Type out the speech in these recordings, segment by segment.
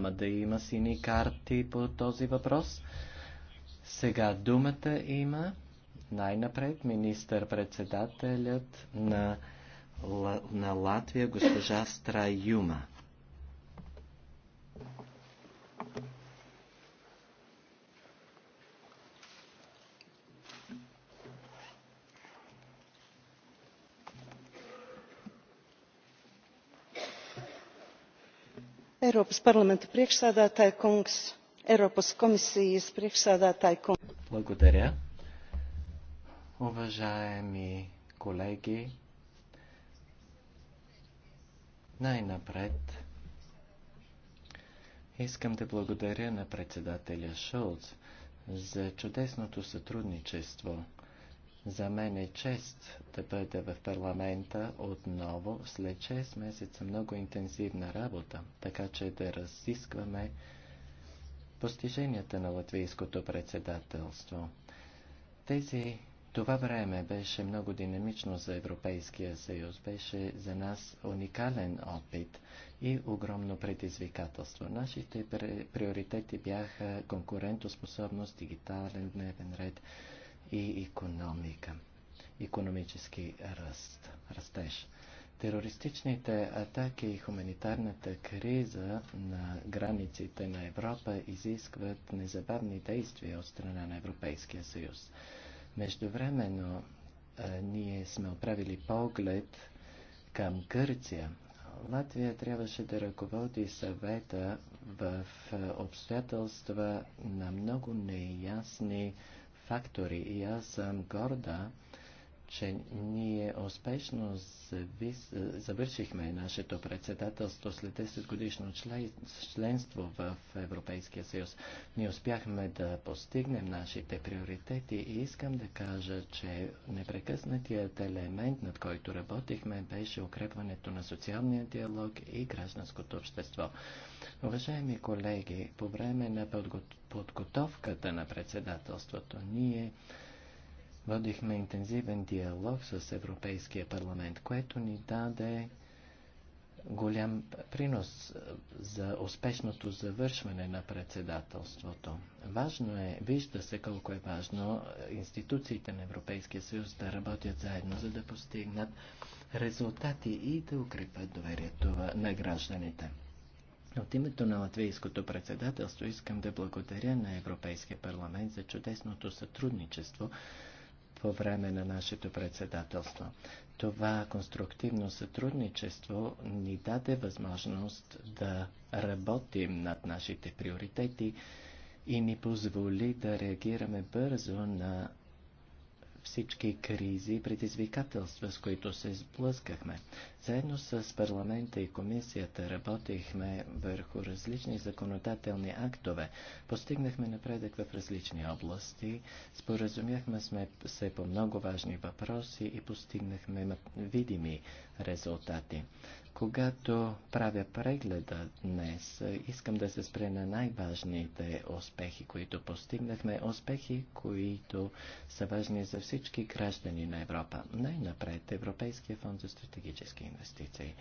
няма да има сини карти по този въпрос. Сега думата има най-напред министър-председателят на, на Латвия госпожа Страюма. Eiropas parlamenta priekšsēdētāja kungs, Eiropas komisijas priekšsēdētāja kungs. Благодаря. Уважаеми колеги, най-напред искам да благодаря на председателя Шолц за чудесното сътрудничество – за мен е чест да бъда в парламента отново след 6 месеца много интензивна работа, така че да разискваме постиженията на латвийското председателство. Тези това време беше много динамично за Европейския съюз, беше за нас уникален опит и огромно предизвикателство. Нашите приоритети бяха конкурентоспособност, дигитален дневен ред, и економика, економически ръст, растеж. Терористичните атаки и хуманитарната криза на границите на Европа изискват незабавни действия от страна на Европейския съюз. Междувременно ние сме отправили поглед към Гърция. Латвия трябваше да ръководи съвета в обстоятелства на много неясни фактори и аз съм горда, че ние успешно завис... завършихме нашето председателство след 10 годишно членство в Европейския съюз. Ние успяхме да постигнем нашите приоритети и искам да кажа, че непрекъснатият елемент, над който работихме, беше укрепването на социалния диалог и гражданското общество. Уважаеми колеги, по време на подго... подготовката на председателството ние Водихме интензивен диалог с Европейския парламент, което ни даде голям принос за успешното завършване на председателството. Важно е, вижда се колко е важно е, институциите на Европейския съюз да работят заедно, за да постигнат резултати и да укрепят доверието на гражданите. От името на латвийското председателство искам да благодаря на Европейския парламент за чудесното сътрудничество, по време на нашето председателство. Това конструктивно сътрудничество ни даде възможност да работим над нашите приоритети и ни позволи да реагираме бързо на всички кризи и предизвикателства, с които се сблъскахме. Заедно с парламента и комисията работихме върху различни законодателни актове. Постигнахме напредък в различни области, споразумяхме сме се по много важни въпроси и постигнахме видими резултати. Когато правя прегледа днес, искам да се спре на най-важните успехи, които постигнахме, успехи, които са важни за всички граждани на Европа. Най-напред Европейския фонд за стратегически инвестиции.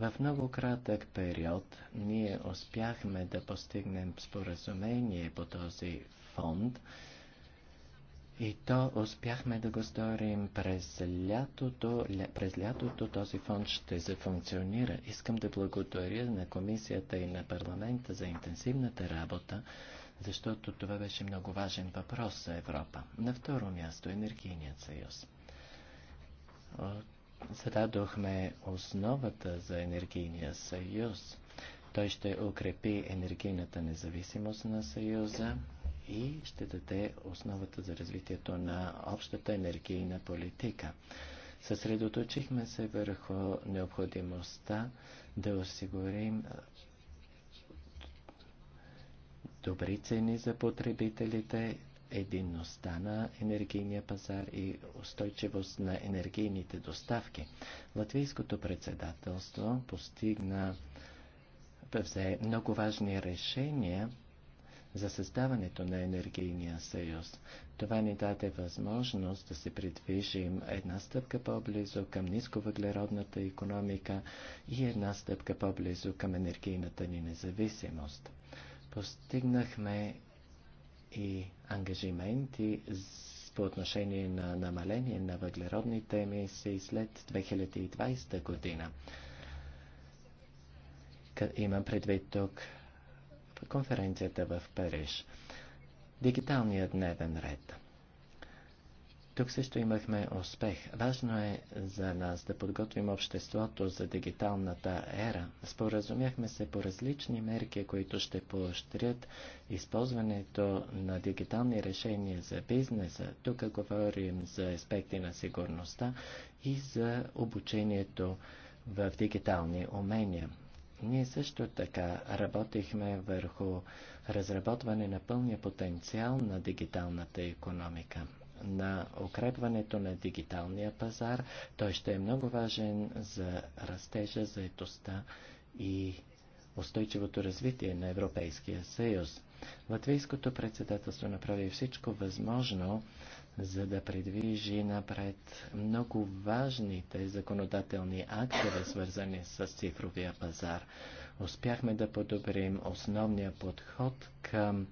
В много кратък период ние успяхме да постигнем споразумение по този фонд, и то успяхме да го сторим през лятото. Ля, през лятото този фонд ще зафункционира. Искам да благодаря на комисията и на парламента за интенсивната работа, защото това беше много важен въпрос за Европа. На второ място енергийният съюз. Зададохме основата за енергийния съюз. Той ще укрепи енергийната независимост на съюза, и ще даде основата за развитието на общата енергийна политика. Съсредоточихме се върху необходимостта да осигурим добри цени за потребителите, единността на енергийния пазар и устойчивост на енергийните доставки. Латвийското председателство постигна взе много важни решения за създаването на енергийния съюз. Това ни даде възможност да се придвижим една стъпка по-близо към нисковъглеродната економика и една стъпка по-близо към енергийната ни независимост. Постигнахме и ангажименти по отношение на намаление на въглеродните емисии след 2020 година. Имам предвид тук конференцията в Париж. Дигиталният дневен ред. Тук също имахме успех. Важно е за нас да подготвим обществото за дигиталната ера. Споразумяхме се по различни мерки, които ще поощрят използването на дигитални решения за бизнеса. Тук говорим за аспекти на сигурността и за обучението в дигитални умения. Ние също така работихме върху разработване на пълния потенциал на дигиталната економика на укрепването на дигиталния пазар. Той ще е много важен за растежа, заетостта и устойчивото развитие на Европейския съюз. Латвийското председателство направи всичко възможно за да предвижи напред много важните законодателни актове, свързани с цифровия пазар. Успяхме да подобрим основния подход към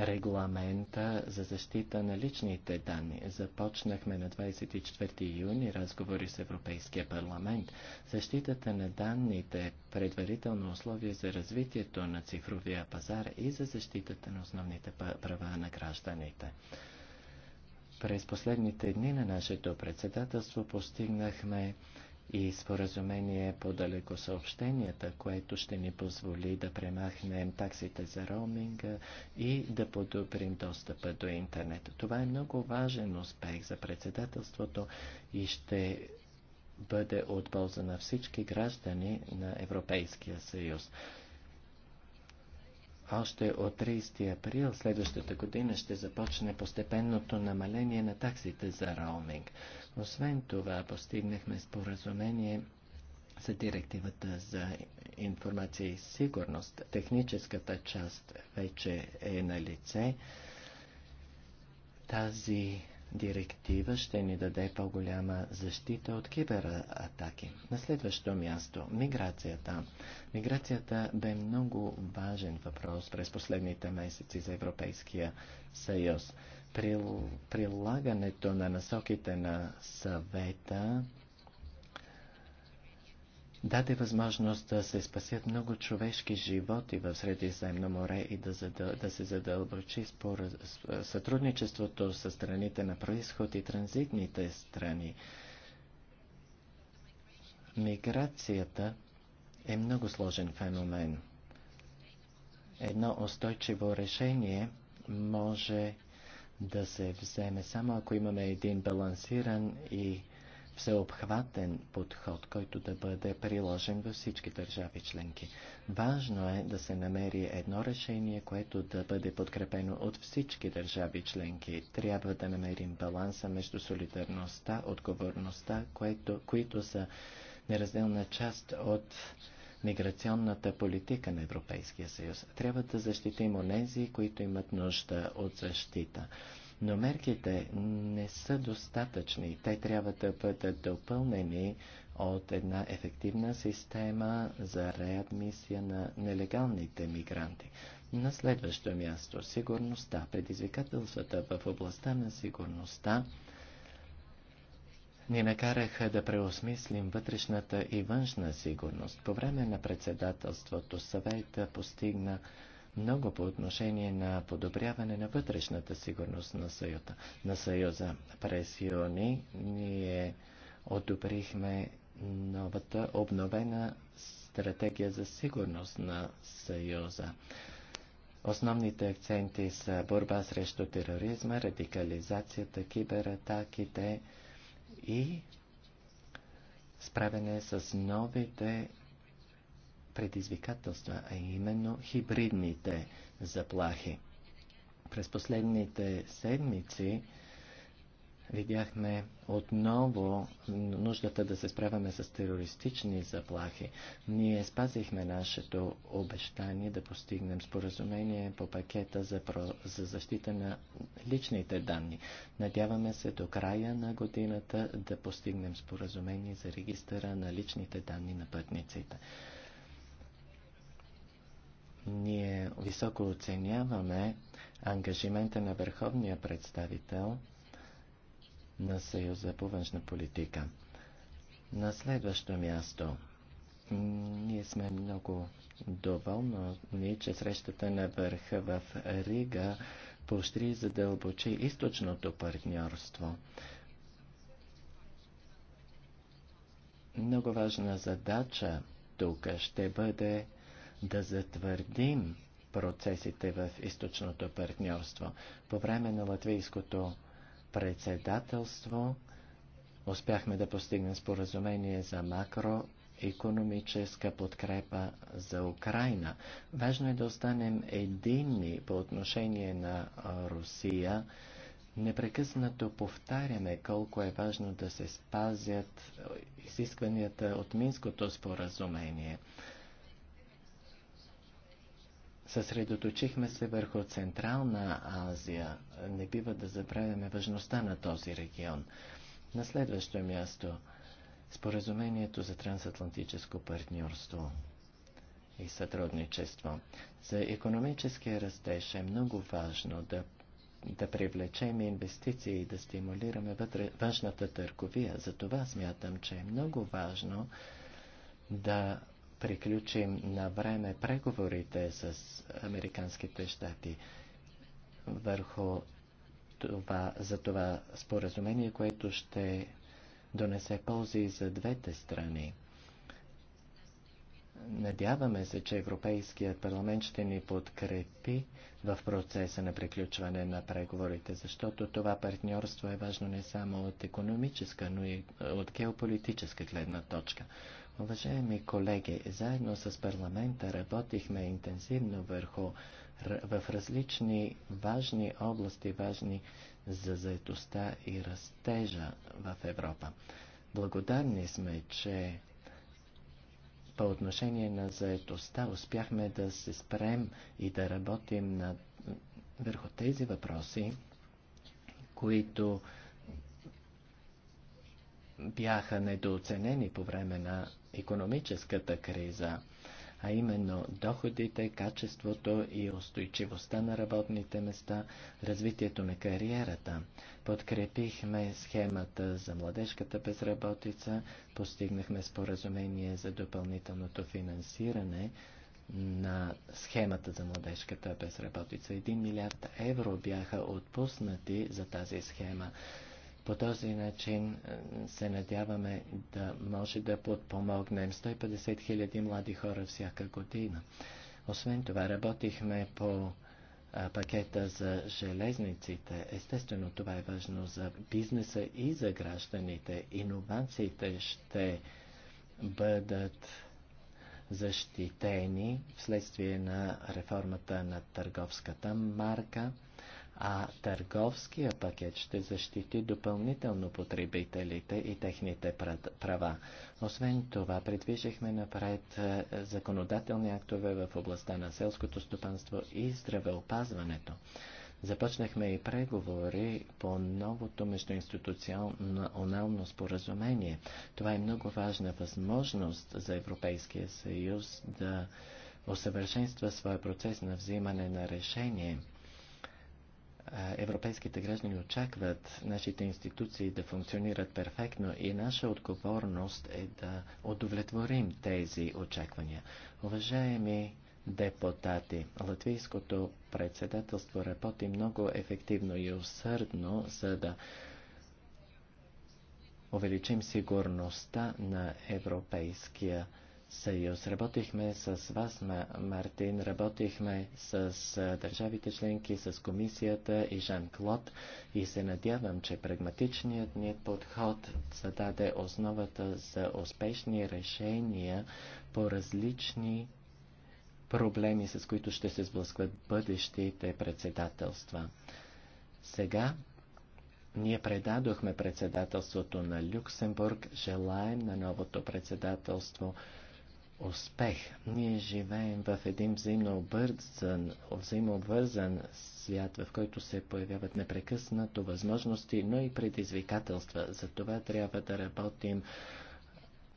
регламента за защита на личните данни. Започнахме на 24 юни разговори с Европейския парламент. Защитата на данните е предварително условие за развитието на цифровия пазар и за защитата на основните права на гражданите. През последните дни на нашето председателство постигнахме и споразумение по далекосъобщенията, което ще ни позволи да премахнем таксите за роуминга и да подобрим достъпа до интернет. Това е много важен успех за председателството и ще бъде от полза на всички граждани на Европейския съюз. Още от 30 април следващата година ще започне постепенното намаление на таксите за роуминг. Освен това, постигнахме споразумение за директивата за информация и сигурност. Техническата част вече е на лице. Тази директива ще ни даде по-голяма защита от кибератаки. На следващо място – миграцията. Миграцията бе много важен въпрос през последните месеци за Европейския съюз. прилагането на насоките на съвета даде възможност да се спасят много човешки животи в Средиземно море и да, задъл... да се задълбочи спор... сътрудничеството с страните на происход и транзитните страни. Миграцията е много сложен феномен. Едно устойчиво решение може да се вземе само ако имаме един балансиран и всеобхватен подход, който да бъде приложен във всички държави членки. Важно е да се намери едно решение, което да бъде подкрепено от всички държави членки. Трябва да намерим баланса между солидарността, отговорността, което, които са неразделна част от миграционната политика на Европейския съюз. Трябва да защитим онези, които имат нужда от защита но мерките не са достатъчни. Те трябва да бъдат допълнени от една ефективна система за реадмисия на нелегалните мигранти. На следващо място – сигурността. Предизвикателствата в областта на сигурността ни накараха да преосмислим вътрешната и външна сигурност. По време на председателството съвета постигна много по отношение на подобряване на вътрешната сигурност на Съюза. На съюза. През юни ние одобрихме новата обновена стратегия за сигурност на Съюза. Основните акценти са борба срещу тероризма, радикализацията, кибератаките и справяне с новите предизвикателства, а именно хибридните заплахи. През последните седмици видяхме отново нуждата да се справяме с терористични заплахи. Ние спазихме нашето обещание да постигнем споразумение по пакета за, про... за защита на личните данни. Надяваме се до края на годината да постигнем споразумение за регистъра на личните данни на пътниците. Ние високо оценяваме ангажимента на върховния представител на Съюза по външна политика. На следващо място. Ние сме много доволни, че срещата на върха в Рига поощри и задълбочи източното партньорство. Много важна задача тук ще бъде да затвърдим процесите в източното партньорство. По време на латвийското председателство успяхме да постигнем споразумение за макро економическа подкрепа за Украина. Важно е да останем единни по отношение на Русия. Непрекъснато повтаряме колко е важно да се спазят изискванията от Минското споразумение. Съсредоточихме се върху Централна Азия. Не бива да забравяме важността на този регион. На следващо място Споразумението за трансатлантическо партньорство и сътрудничество. За економическия растеж е много важно да, да привлечем инвестиции и да стимулираме вътре, външната търговия. Затова смятам, че е много важно да приключим на време преговорите с Американските щати върху това, за това споразумение, което ще донесе ползи за двете страни. Надяваме се, че Европейският парламент ще ни подкрепи в процеса на приключване на преговорите, защото това партньорство е важно не само от економическа, но и от геополитическа гледна точка. Уважаеми колеги, заедно с парламента работихме интенсивно върху в различни важни области, важни за заедостта и растежа в Европа. Благодарни сме, че по отношение на заедостта успяхме да се спрем и да работим на, върху тези въпроси, които бяха недооценени по време на економическата криза, а именно доходите, качеството и устойчивостта на работните места, развитието на кариерата. Подкрепихме схемата за младежката безработица, постигнахме споразумение за допълнителното финансиране, на схемата за младежката безработица. 1 милиард евро бяха отпуснати за тази схема. По този начин е, се надяваме да може да подпомогнем 150 хиляди млади хора всяка година. Освен това, работихме по е, пакета за железниците. Естествено, това е важно за бизнеса и за гражданите. Иновациите ще бъдат защитени вследствие на реформата на търговската марка а търговския пакет ще защити допълнително потребителите и техните права. Освен това, предвижихме напред е, законодателни актове в областта на селското стопанство и здравеопазването. Започнахме и преговори по новото междуинституционално споразумение. Това е много важна възможност за Европейския съюз да усъвършенства своя процес на взимане на решение – европейските граждани очакват нашите институции да функционират перфектно и наша отговорност е да удовлетворим тези очаквания. Уважаеми депутати, латвийското председателство работи много ефективно и усърдно, за да увеличим сигурността на европейския съюз. Работихме с вас, Мартин, работихме с държавите членки, с комисията и Жан-Клод и се надявам, че прагматичният ни подход зададе основата за успешни решения по различни проблеми, с които ще се сблъскват бъдещите председателства. Сега ние предадохме председателството на Люксембург, желаем на новото председателство успех. Ние живеем в един взаимнообвързан, взаимообвързан свят, в който се появяват непрекъснато възможности, но и предизвикателства. За това трябва да работим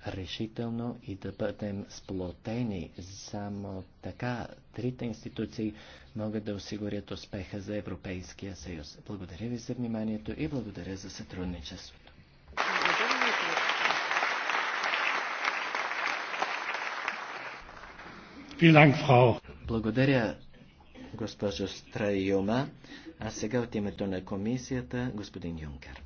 решително и да бъдем сплотени. Само така трите институции могат да осигурят успеха за Европейския съюз. Благодаря ви за вниманието и благодаря за сътрудничеството. Благодаря, госпожо Страйома. А сега от името на комисията, господин Юнкер.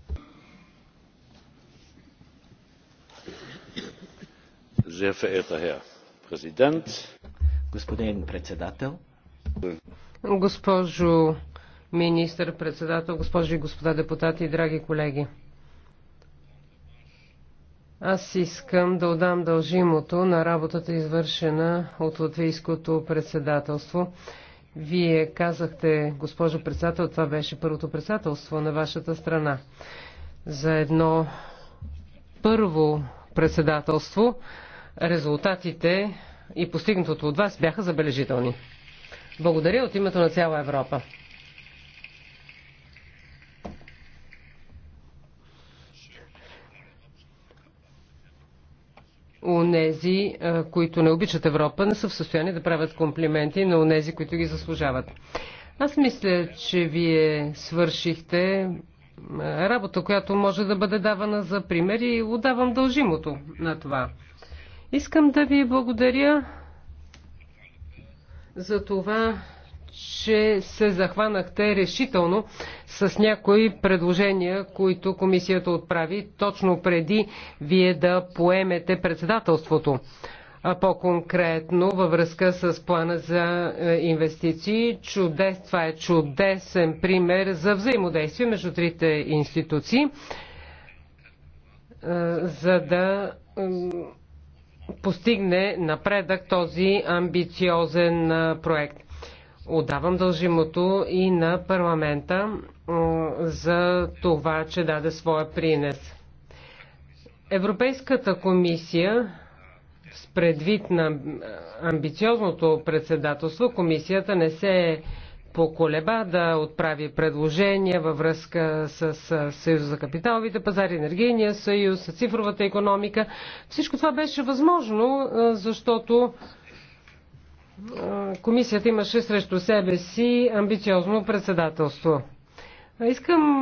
Господин председател, госпожо министър-председател, госпожи и господа депутати, драги колеги! Аз искам да отдам дължимото на работата, извършена от латвийското председателство. Вие казахте, госпожо председател, това беше първото председателство на вашата страна. За едно първо председателство резултатите и постигнатото от вас бяха забележителни. Благодаря от името на цяла Европа. онези, които не обичат Европа, не са в състояние да правят комплименти на онези, които ги заслужават. Аз мисля, че вие свършихте работа, която може да бъде давана за пример и отдавам дължимото на това. Искам да ви благодаря за това, че се захванахте решително с някои предложения, които комисията отправи точно преди вие да поемете председателството. А по-конкретно във връзка с плана за е, инвестиции, чудес, това е чудесен пример за взаимодействие между трите институции, е, за да постигне напредък този амбициозен е, проект. Отдавам дължимото и на парламента за това, че даде своя принес. Европейската комисия с предвид на амбициозното председателство, комисията не се е поколеба да отправи предложения във връзка с Съюз за капиталовите пазари, Енергийния съюз, цифровата економика. Всичко това беше възможно, защото комисията имаше срещу себе си амбициозно председателство. Искам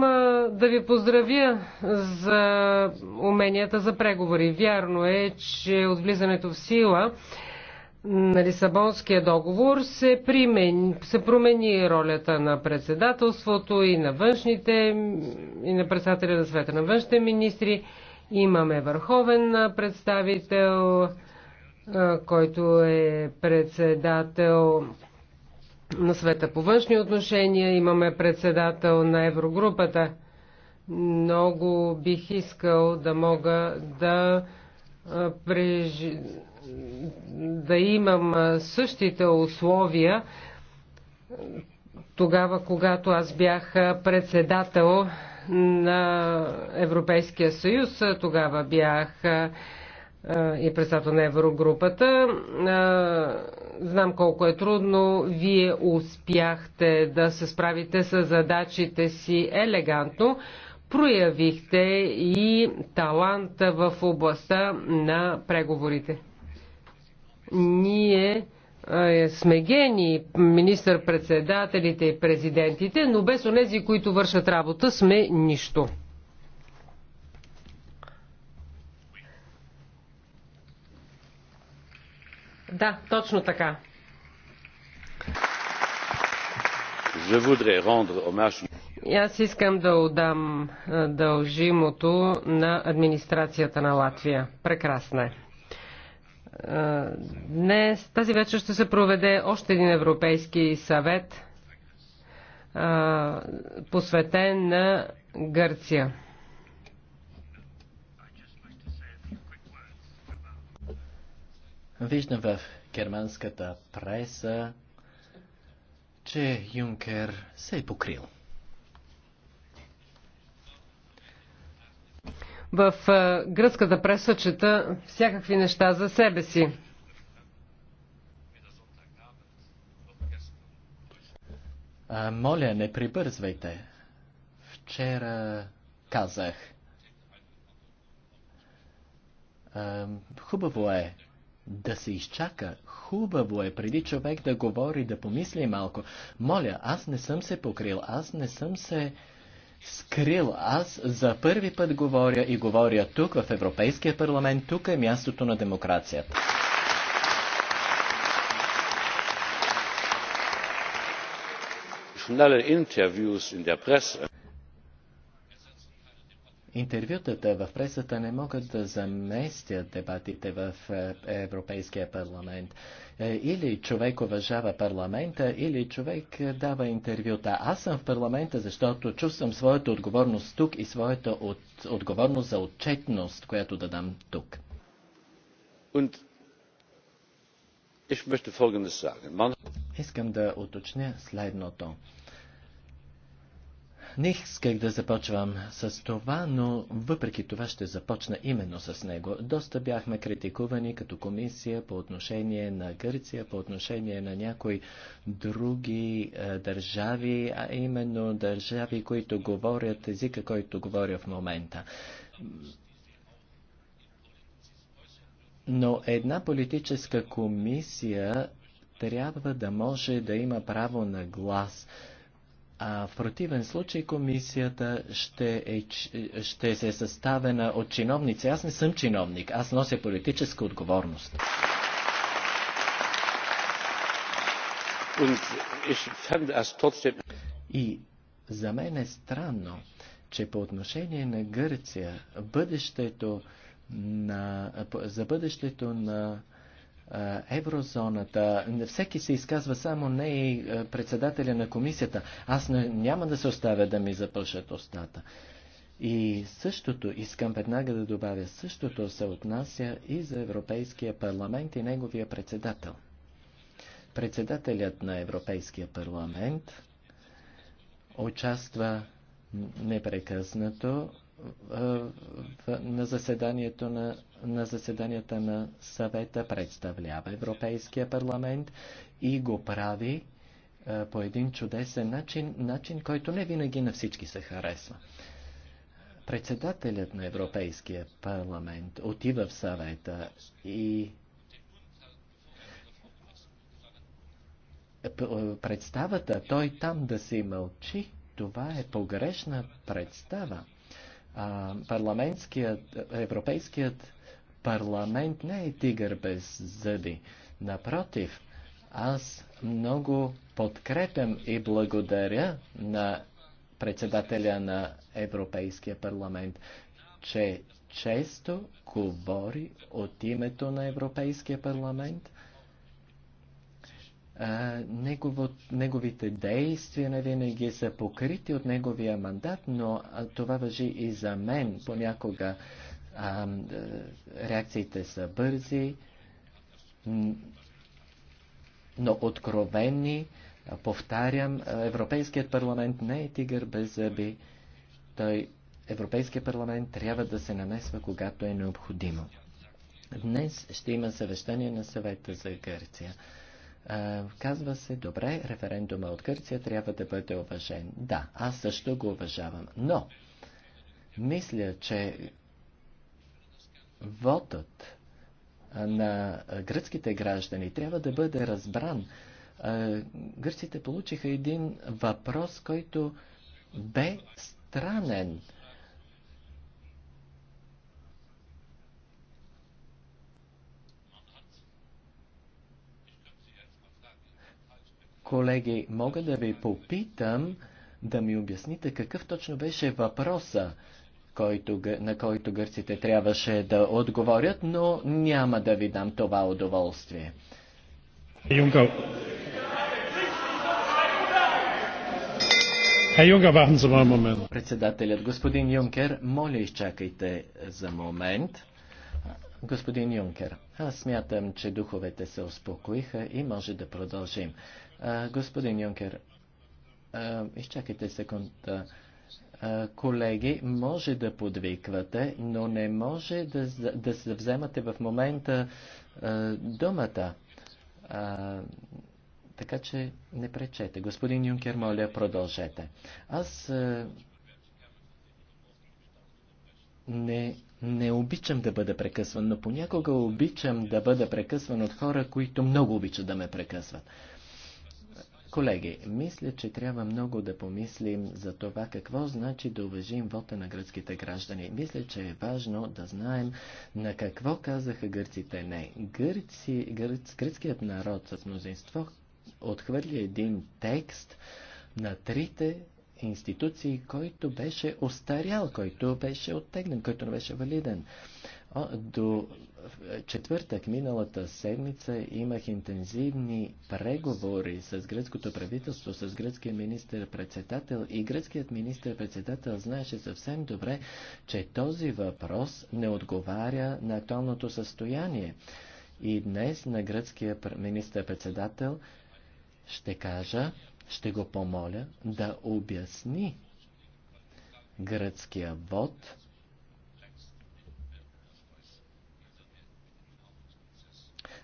да ви поздравя за уменията за преговори. Вярно е, че от влизането в сила на Лисабонския договор се, примени, се промени ролята на председателството и на външните, и на председателя на света на външните министри. Имаме върховен представител, който е председател на света по външни отношения. Имаме председател на Еврогрупата. Много бих искал да мога да, преж... да имам същите условия тогава, когато аз бях председател на Европейския съюз. Тогава бях е, и председател на Еврогрупата. Е, знам колко е трудно. Вие успяхте да се справите с задачите си елегантно. Проявихте и таланта в областта на преговорите. Ние е, сме гени, министър-председателите и президентите, но без онези, които вършат работа, сме нищо. Да, точно така. Аз искам да отдам дължимото на администрацията на Латвия. Прекрасна е. Днес, тази вечер ще се проведе още един Европейски съвет, посветен на Гърция. Виждам в германската преса, че Юнкер се е покрил. В е, гръцката преса чета всякакви неща за себе си. А, моля, не прибързвайте. Вчера казах. А, хубаво е да се изчака. Хубаво е преди човек да говори, да помисли малко. Моля, аз не съм се покрил, аз не съм се скрил. Аз за първи път говоря и говоря тук, в Европейския парламент. Тук е мястото на демокрацията. Schnelle Interviews in der Presse Интервютата е, в пресата не могат да заместят дебатите в е, Европейския парламент. Е, или човек уважава парламента, или човек дава интервюта. Аз съм в парламента, защото чувствам своята отговорност тук и своята от... отговорност за отчетност, която да дам тук. Искам да уточня следното. Не исках да започвам с това, но въпреки това ще започна именно с него. Доста бяхме критикувани като комисия по отношение на Гърция, по отношение на някои други е, държави, а именно държави, които говорят езика, който говоря в момента. Но една политическа комисия трябва да може да има право на глас. А в противен случай комисията ще, е, ще се е съставена от чиновници. Аз не съм чиновник, аз нося политическа отговорност. И за мен е странно, че по отношение на Гърция, бъдещето на, за бъдещето на еврозоната. Всеки се изказва само не и председателя на комисията. Аз не, няма да се оставя да ми запълшат устата. И същото, искам веднага да добавя, същото се отнася и за Европейския парламент и неговия председател. Председателят на Европейския парламент участва непрекъснато на, заседанието на, на заседанията на съвета представлява Европейския парламент и го прави по един чудесен начин, начин, който не винаги на всички се харесва. Председателят на Европейския парламент отива в съвета и представата той там да си мълчи, това е погрешна представа. А, парламентският, европейският парламент не е тигър без зъби. Напротив, аз много подкрепям и благодаря на председателя на Европейския парламент, че често говори от името на Европейския парламент негово, неговите действия нали, не винаги са покрити от неговия мандат, но а, това въжи и за мен. Понякога а, реакциите са бързи, но откровени. Повтарям, Европейският парламент не е тигър без зъби. Той, Европейският парламент трябва да се намесва, когато е необходимо. Днес ще има съвещание на съвета за Гърция. Казва се, добре, референдума от Гърция трябва да бъде уважен. Да, аз също го уважавам. Но, мисля, че водът на гръцките граждани трябва да бъде разбран. Гърците получиха един въпрос, който бе странен. Колеги, мога да ви попитам да ми обясните какъв точно беше въпроса, който, на който гърците трябваше да отговорят, но няма да ви дам това удоволствие. Юнка. Председателят господин Юнкер, моля изчакайте за момент. Господин Юнкер, аз смятам, че духовете се успокоиха и може да продължим. А, господин Юнкер, а, изчакайте секунда. А, колеги, може да подвиквате, но не може да, да се вземате в момента а, думата. А, така че не пречете. Господин Юнкер, моля, продължете. Аз а, не не обичам да бъда прекъсван, но понякога обичам да бъда прекъсван от хора, които много обичат да ме прекъсват. Колеги, мисля, че трябва много да помислим за това какво значи да уважим вота на гръцките граждани. Мисля, че е важно да знаем на какво казаха гърците не. Гърци, гърц, гръцкият народ с мнозинство отхвърли един текст на трите институции, който беше остарял, който беше оттегнен, който не беше валиден. О, до четвъртък миналата седмица имах интензивни преговори с гръцкото правителство, с гръцкия министр-председател и гръцкият министр-председател знаеше съвсем добре, че този въпрос не отговаря на актуалното състояние. И днес на гръцкия министр-председател ще кажа, ще го помоля да обясни гръцкия вод,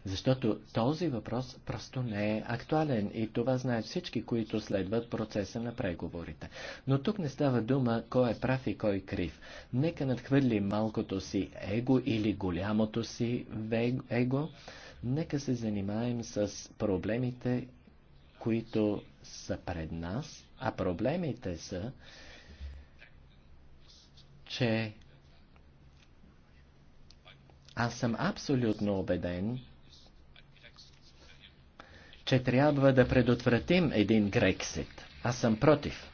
Защото този въпрос просто не е актуален и това знаят всички, които следват процеса на преговорите. Но тук не става дума кой е прав и кой е крив. Нека надхвърли малкото си его или голямото си его. Нека се занимаем с проблемите които са пред нас, а проблемите са, че аз съм абсолютно убеден, че трябва да предотвратим един Грексит. Аз съм против.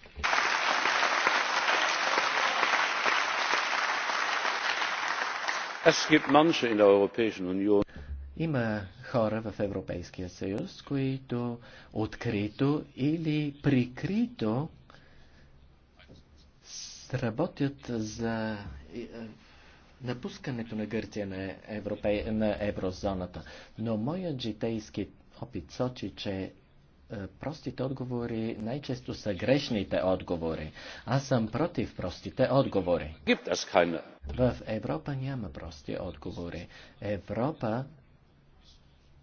Es gibt manche in der Europäischen Union. Има хора в Европейския съюз, които открито или прикрито работят за е, е, напускането на Гърция на, Европе... на еврозоната. Но моят житейски опит сочи, че е, простите отговори най-често са грешните отговори. Аз съм против простите отговори. В Европа няма прости отговори. Европа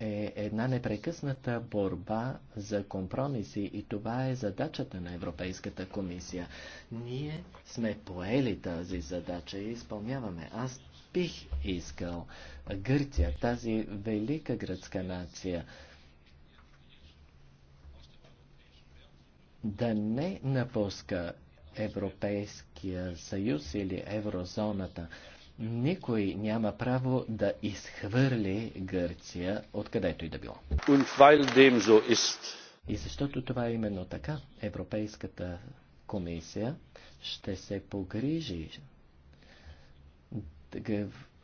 е една непрекъсната борба за компромиси и това е задачата на Европейската комисия. Ние сме поели тази задача и изпълняваме. Аз бих искал Гърция, тази велика гръцка нация, да не напуска Европейския съюз или еврозоната. Никой няма право да изхвърли Гърция, откъдето и да било. И защото това е именно така, Европейската комисия ще се погрижи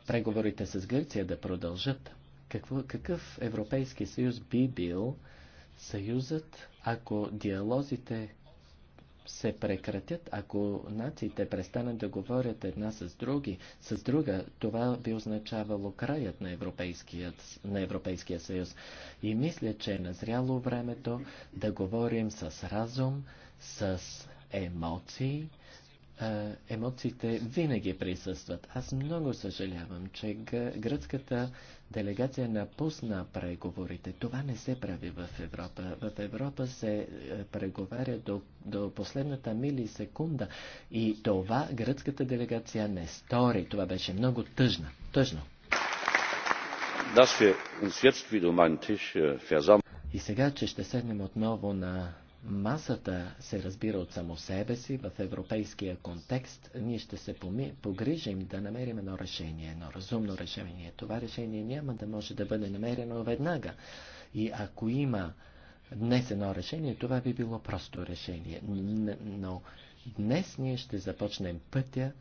преговорите с Гърция да продължат. Какво, какъв Европейски съюз би бил съюзът, ако диалозите се прекратят, ако нациите престанат да говорят една с, други, с друга, това би означавало краят на, на Европейския съюз. И мисля, че е назряло времето да говорим с разум, с емоции, емоциите винаги присъстват. Аз много съжалявам, че гръцката делегация напусна преговорите. Това не се прави в Европа. В Европа се е, преговаря до, до последната милисекунда и това гръцката делегация не стори. Това беше много тъжно. Тъжно. Um äh, и сега, че ще седнем отново на масата се разбира от само себе си в европейския контекст, ние ще се погрижим да намерим едно решение, едно разумно решение. Това решение няма да може да бъде намерено веднага. И ако има днес едно решение, това би било просто решение. Но днес ние ще започнем пътя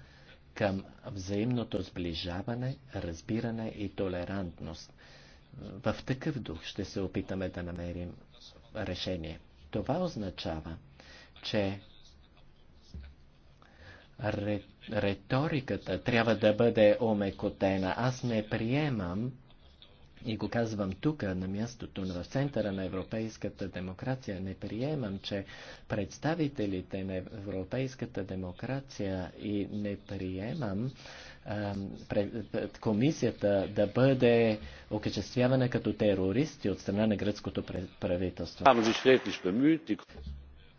към взаимното сближаване, разбиране и толерантност. В такъв дух ще се опитаме да намерим решение. Това означава, че риториката трябва да бъде омекотена. Аз не приемам и го казвам тук, на мястото, в центъра на европейската демокрация, не приемам, че представителите на европейската демокрация и не приемам комисията да бъде окачествявана като терористи от страна на гръцкото правителство.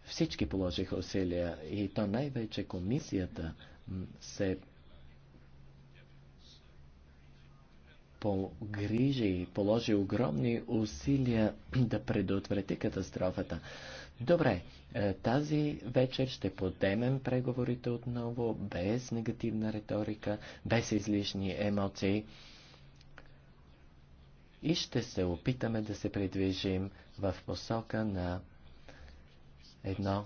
Всички положиха усилия и то най-вече комисията се погрижи и положи огромни усилия да предотврати катастрофата. Добре, е, тази вечер ще подемем преговорите отново, без негативна риторика, без излишни емоции и ще се опитаме да се придвижим в посока на едно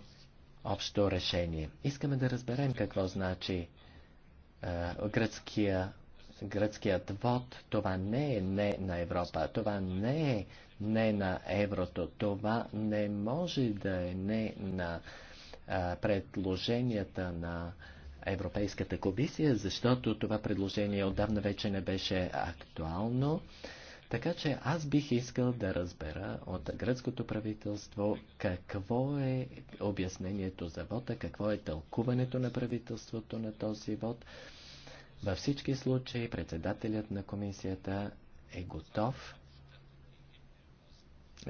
общо решение. Искаме да разберем какво значи е, гръцкия, гръцкият вод. Това не е не на Европа, това не е не на еврото. Това не може да е не на а, предложенията на Европейската комисия, защото това предложение отдавна вече не беше актуално. Така че аз бих искал да разбера от гръцкото правителство какво е обяснението за вода, какво е тълкуването на правителството на този вод. Във всички случаи председателят на комисията е готов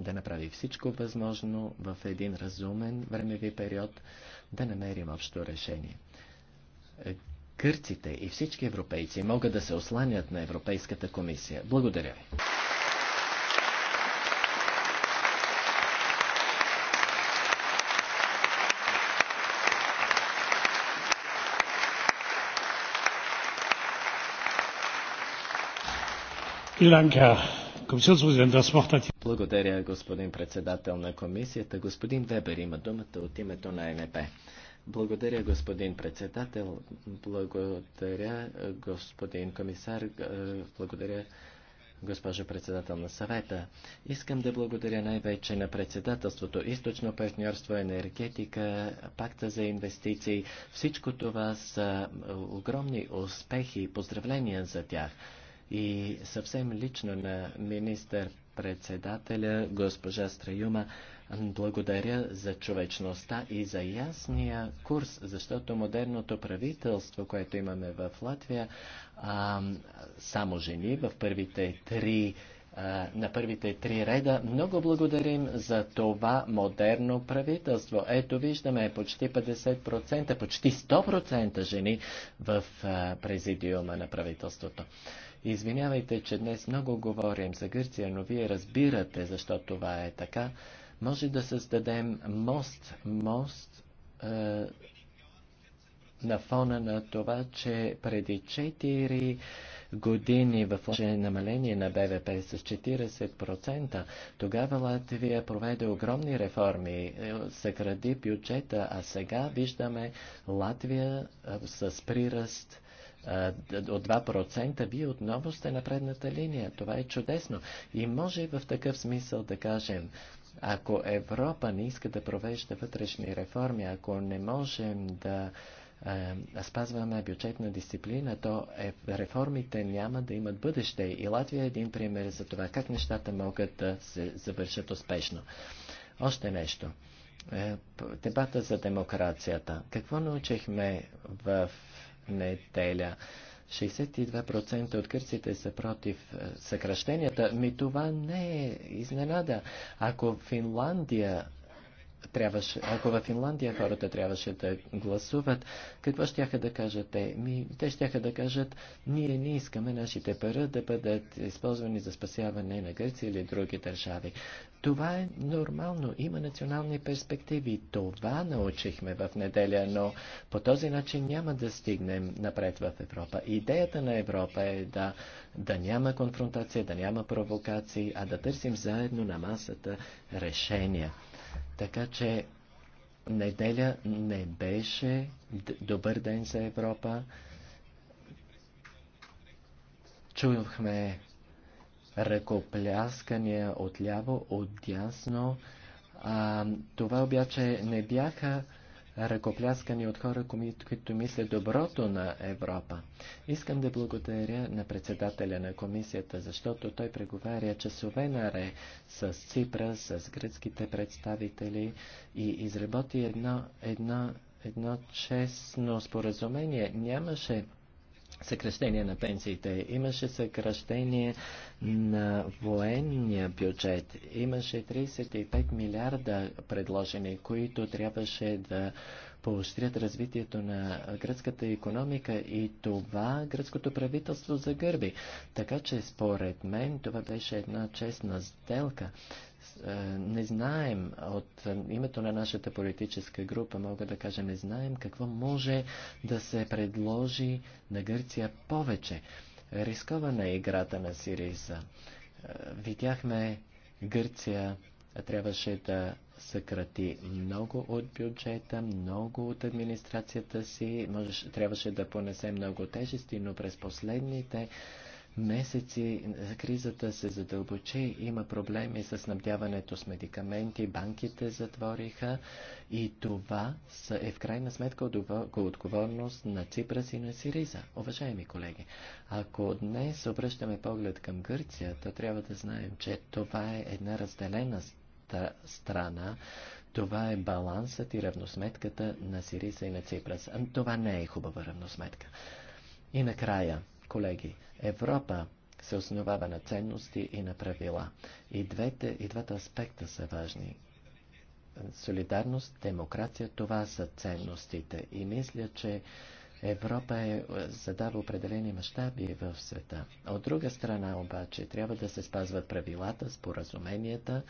да направи всичко възможно в един разумен времеви период да намерим общо решение. Кърците и всички европейци могат да се осланят на Европейската комисия. Благодаря ви. Vielen Dank, Herr благодаря, господин председател на комисията. Господин Вебер има думата от името на НП. Благодаря, господин председател. Благодаря, господин комисар. Благодаря, госпожо председател на съвета. Искам да благодаря най-вече на председателството, източно партньорство, енергетика, пакта за инвестиции. Всичко това са огромни успехи и поздравления за тях и съвсем лично на министър-председателя госпожа Страюма благодаря за човечността и за ясния курс, защото модерното правителство, което имаме в Латвия, а, само жени в първите три на първите три реда. Много благодарим за това модерно правителство. Ето виждаме почти 50%, почти 100% жени в президиума на правителството. Извинявайте, че днес много говорим за Гърция, но вие разбирате защо това е така. Може да създадем мост, мост е, на фона на това, че преди 4 години в е намаление на БВП с 40%. Тогава Латвия проведе огромни реформи, е, съкради бюджета, а сега виждаме Латвия е, с приръст от 2%, вие отново сте на предната линия. Това е чудесно. И може в такъв смисъл да кажем, ако Европа не иска да провежда вътрешни реформи, ако не можем да спазваме бюджетна дисциплина, то е, реформите няма да имат бъдеще. И Латвия е един пример за това как нещата могат да се завършат успешно. Още нещо. Е, дебата за демокрацията. Какво научихме в неделя. 62% от кърците са против е, съкръщенията. Ми това не е изненада. Ако Финландия трябваше, ако във Финландия хората трябваше да гласуват, какво ще да кажат те? Ми, те ще да кажат, ние не искаме нашите пара да бъдат използвани за спасяване на Гърция или други държави. Това е нормално, има национални перспективи. Това научихме в неделя, но по този начин няма да стигнем напред в Европа. Идеята на Европа е да, да няма конфронтация, да няма провокации, а да търсим заедно на масата решения. Така че неделя не беше добър ден за Европа. Чувахме ръкопляскания отляво, отдясно. А, това обаче не бяха ръкопляскани от хора, които мислят доброто на Европа. Искам да благодаря на председателя на комисията, защото той преговаря часове Ре с Ципра, с гръцките представители и изработи едно, едно, едно честно споразумение. Нямаше съкръщение на пенсиите, имаше съкръщение на военния бюджет, имаше 35 милиарда предложени, които трябваше да поощрят развитието на гръцката економика и това гръцкото правителство загърби. Така че според мен това беше една честна сделка. Е, не знаем от е, името на нашата политическа група, мога да кажа, не знаем какво може да се предложи на Гърция повече. Рискована е играта на Сириса. Е, видяхме Гърция трябваше да съкрати много от бюджета, много от администрацията си, можеш, трябваше да понесе много тежести, но през последните месеци кризата се задълбочи, има проблеми с снабдяването с медикаменти, банките затвориха и това е в крайна сметка отговорност на Ципрас и на Сириза. Уважаеми колеги, ако днес обръщаме поглед към Гърция, то трябва да знаем, че това е една разделена страна, това е балансът и равносметката на Сириза и на Ципрас. Това не е хубава равносметка. И накрая, Колеги, Европа се основава на ценности и на правила. И, двете, и двата аспекта са важни. Солидарност, демокрация, това са ценностите. И мисля, че Европа е, задава определени мащаби в света. От друга страна обаче трябва да се спазват правилата, споразуменията,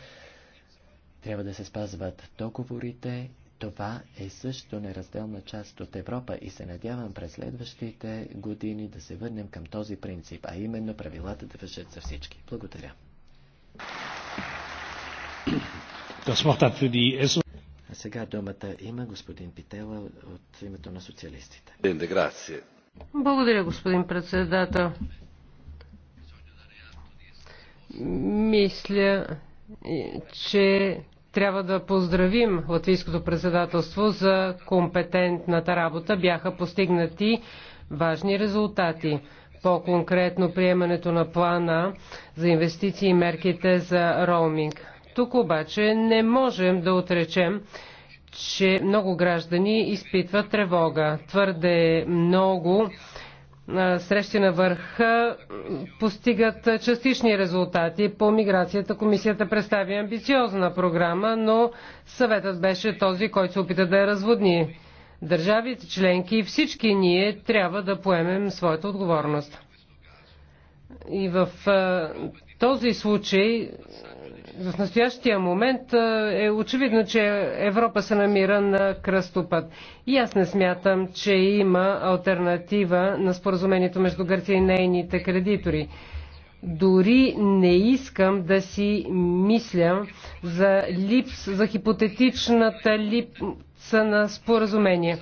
трябва да се спазват договорите това е също неразделна част от Европа и се надявам през следващите години да се върнем към този принцип, а именно правилата да въжат за всички. Благодаря. А сега думата има господин Питела от името на социалистите. Благодаря, господин председател. Мисля, че трябва да поздравим Латвийското председателство за компетентната работа. Бяха постигнати важни резултати. По-конкретно приемането на плана за инвестиции и мерките за роуминг. Тук обаче не можем да отречем, че много граждани изпитват тревога. Твърде много срещи на върха постигат частични резултати. По миграцията комисията представи амбициозна програма, но съветът беше този, който се опита да я разводни. Държавите членки и всички ние трябва да поемем своята отговорност. И в този случай в настоящия момент е очевидно, че Европа се намира на кръстопът. И аз не смятам, че има альтернатива на споразумението между Гърция и нейните кредитори. Дори не искам да си мисля за липс, за хипотетичната липса на споразумение.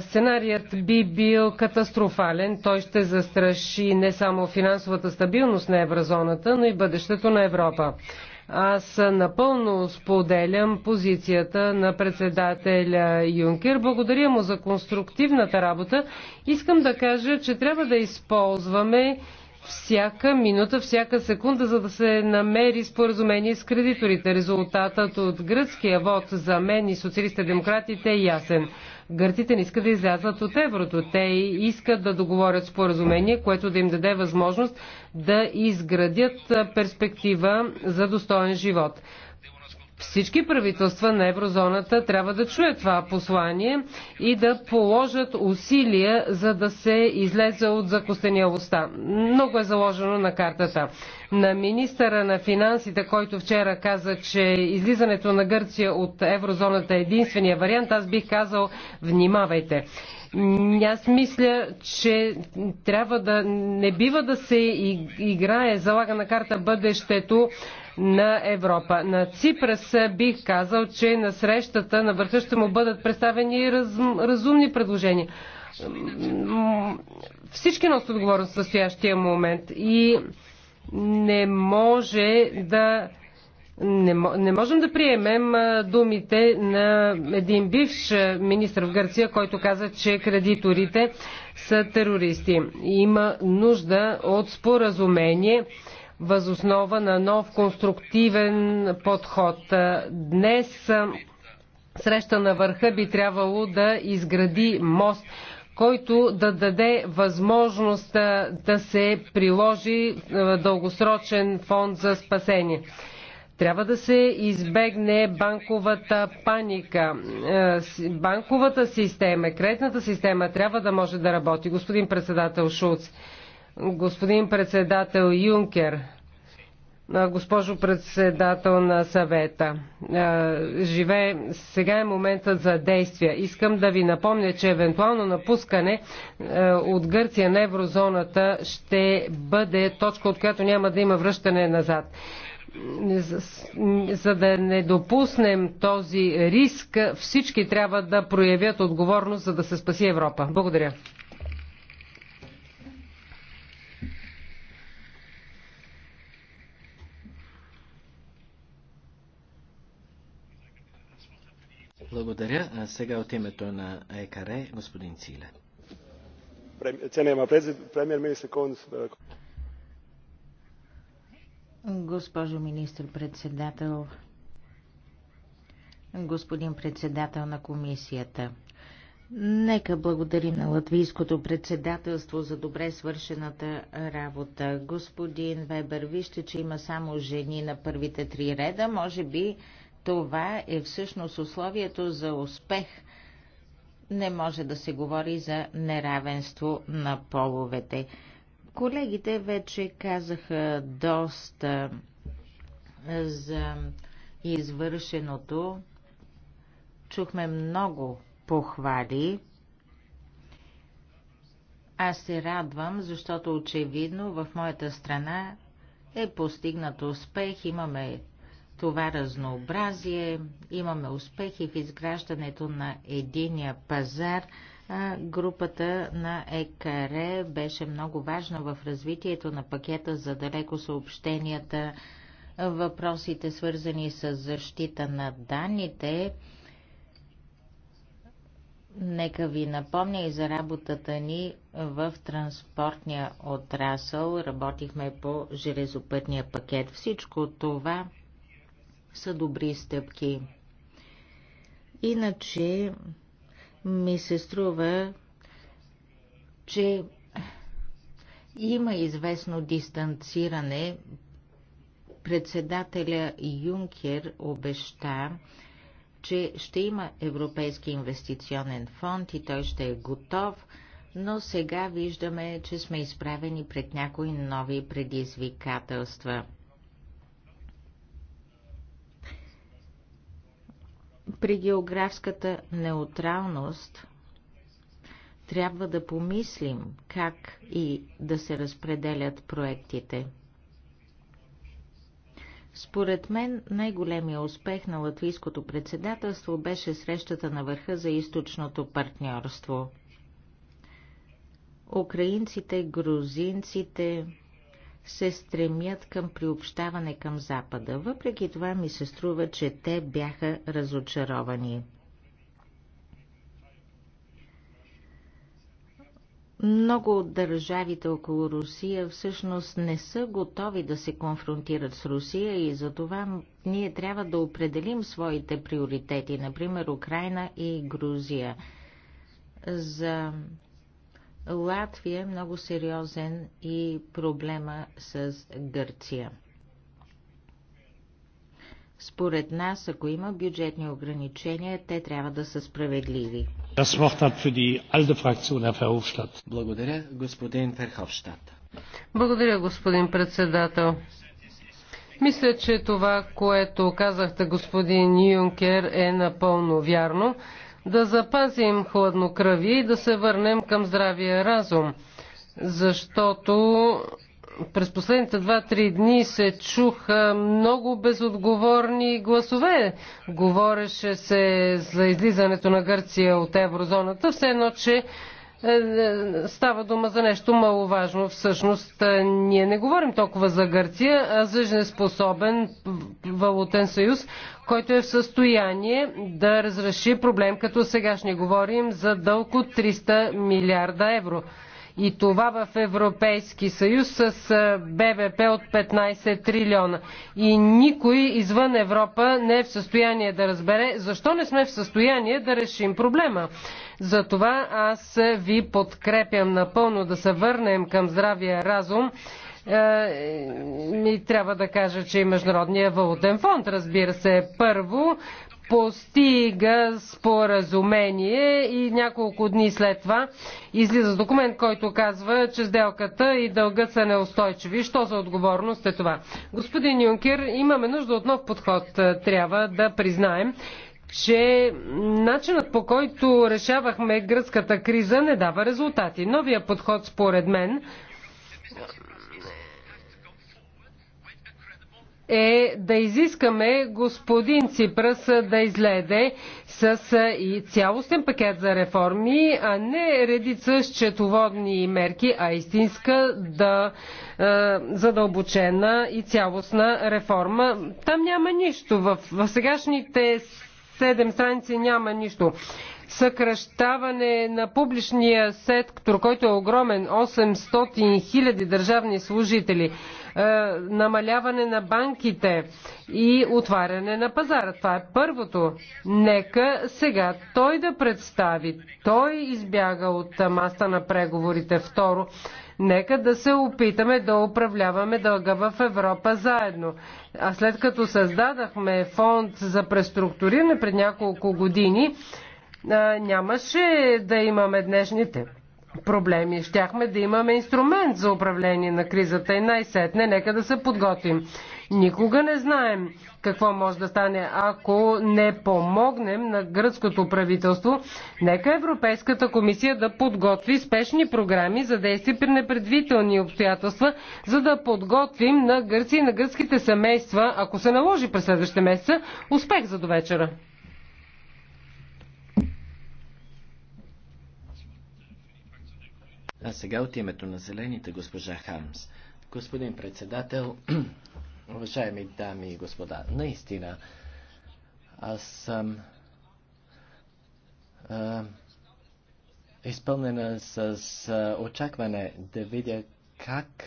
Сценарият би бил катастрофален. Той ще застраши не само финансовата стабилност на еврозоната, но и бъдещето на Европа. Аз напълно споделям позицията на председателя Юнкер. Благодаря му за конструктивната работа. Искам да кажа, че трябва да използваме всяка минута, всяка секунда, за да се намери споразумение с кредиторите. Резултатът от гръцкия вод за мен и социалистите демократите е ясен. Гърците не искат да излязат от еврото. Те искат да договорят споразумение, което да им даде възможност да изградят перспектива за достоен живот. Всички правителства на еврозоната трябва да чуят това послание и да положат усилия, за да се излезе от закостенялостта. Много е заложено на картата. На министъра на финансите, който вчера каза, че излизането на Гърция от еврозоната е единствения вариант, аз бих казал, внимавайте. Аз мисля, че трябва да не бива да се играе залага на карта бъдещето на Европа. На Ципрас бих казал, че на срещата на върха ще му бъдат представени раз, разумни предложения. Всички носят отговорност в настоящия момент и не може да не, не можем да приемем думите на един бивш министр в Гърция, който каза, че кредиторите са терористи. Има нужда от споразумение възоснова на нов конструктивен подход. Днес среща на върха би трябвало да изгради мост, който да даде възможност да се приложи дългосрочен фонд за спасение. Трябва да се избегне банковата паника. Банковата система, кредитната система трябва да може да работи. Господин председател Шулц, господин председател Юнкер, госпожо председател на съвета. Живее, сега е моментът за действия. Искам да ви напомня, че евентуално напускане от Гърция на еврозоната ще бъде точка, от която няма да има връщане назад. За да не допуснем този риск, всички трябва да проявят отговорност, за да се спаси Европа. Благодаря. Благодаря. А сега от името на ЕКАРЕ, господин Циле. Ценема премьер министр Конс. Госпожо министр-председател, господин председател на комисията, Нека благодарим на латвийското председателство за добре свършената работа. Господин Вебер, вижте, че има само жени на първите три реда. Може би това е всъщност условието за успех. Не може да се говори за неравенство на половете. Колегите вече казаха доста за извършеното. Чухме много похвали. Аз се радвам, защото очевидно в моята страна е постигнат успех, имаме това разнообразие. Имаме успехи в изграждането на единия пазар. групата на ЕКР беше много важна в развитието на пакета за далеко съобщенията, въпросите свързани с защита на данните. Нека ви напомня и за работата ни в транспортния отрасъл. Работихме по железопътния пакет. Всичко това са добри стъпки. Иначе ми се струва, че има известно дистанциране. Председателя Юнкер обеща, че ще има Европейски инвестиционен фонд и той ще е готов, но сега виждаме, че сме изправени пред някои нови предизвикателства – При географската неутралност трябва да помислим как и да се разпределят проектите. Според мен най-големия успех на латвийското председателство беше срещата на върха за източното партньорство. Украинците, грузинците, се стремят към приобщаване към Запада. Въпреки това ми се струва, че те бяха разочаровани. Много от държавите около Русия всъщност не са готови да се конфронтират с Русия и затова ние трябва да определим своите приоритети, например Украина и Грузия. За Латвия е много сериозен и проблема с Гърция. Според нас, ако има бюджетни ограничения, те трябва да са справедливи. Благодаря, господин Ферховштадт. Благодаря, господин председател. Мисля, че това, което казахте, господин Юнкер, е напълно вярно да запазим хладнокръвие и да се върнем към здравия разум. Защото през последните 2-3 дни се чуха много безотговорни гласове. Говореше се за излизането на Гърция от еврозоната, все едно, че е, става дума за нещо маловажно. Всъщност, е, ние не говорим толкова за Гърция, а за женеспособен валутен съюз, който е в състояние да разреши проблем, като сега ще говорим за дълг от 300 милиарда евро и това в Европейски съюз с БВП от 15 трилиона. И никой извън Европа не е в състояние да разбере защо не сме в състояние да решим проблема. Затова аз ви подкрепям напълно да се върнем към здравия разум ми е, трябва да кажа, че и Международния валутен фонд, разбира се, е първо постига споразумение и няколко дни след това излиза с документ, който казва, че сделката и дългът са неустойчиви. Що за отговорност е това? Господин Юнкер, имаме нужда от нов подход. Трябва да признаем, че начинът по който решавахме гръцката криза не дава резултати. Новия подход, според мен, е да изискаме господин Ципрас да излезе с цялостен пакет за реформи, а не редица счетоводни мерки, а истинска да задълбочена и цялостна реформа. Там няма нищо. В, в сегашните седем страници няма нищо. Съкръщаване на публичния сектор, който е огромен, 800 хиляди държавни служители – е, намаляване на банките и отваряне на пазара. Това е първото. Нека сега той да представи. Той избяга от маста на преговорите. Второ, Нека да се опитаме да управляваме дълга в Европа заедно. А след като създадахме фонд за преструктуриране пред няколко години, е, нямаше да имаме днешните проблеми, щяхме да имаме инструмент за управление на кризата и най-сетне нека да се подготвим. Никога не знаем какво може да стане, ако не помогнем на гръцкото правителство. Нека Европейската комисия да подготви спешни програми за действие при непредвидителни обстоятелства, за да подготвим на гърци и на гръцките семейства, ако се наложи през следващите месеца, успех за довечера. А сега от името на зелените госпожа Хармс. Господин председател, уважаеми дами и господа, наистина аз съм а, изпълнена с а, очакване да видя как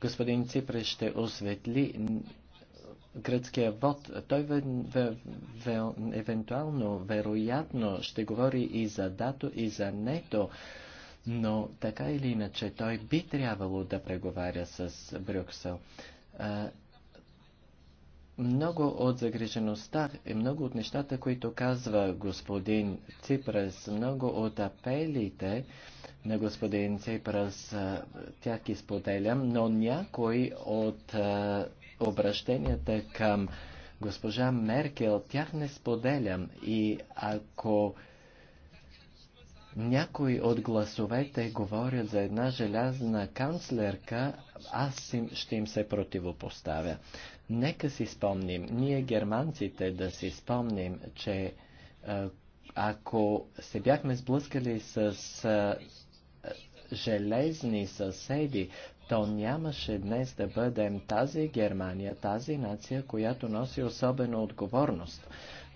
господин Ципре ще осветли гръцкия вод. Той в, в, в, евентуално, вероятно, ще говори и за дато, и за нето но така или иначе той би трябвало да преговаря с Брюксел. Много от загрижеността и много от нещата, които казва господин Ципрас, много от апелите на господин Ципрас, тях изподелям, но някои от обращенията към госпожа Меркел, тях не споделям. И ако някои от гласовете говорят за една желязна канцлерка, аз им, ще им се противопоставя. Нека си спомним, ние германците да си спомним, че е, ако се бяхме сблъскали с е, железни съседи, то нямаше днес да бъдем тази Германия, тази нация, която носи особена отговорност.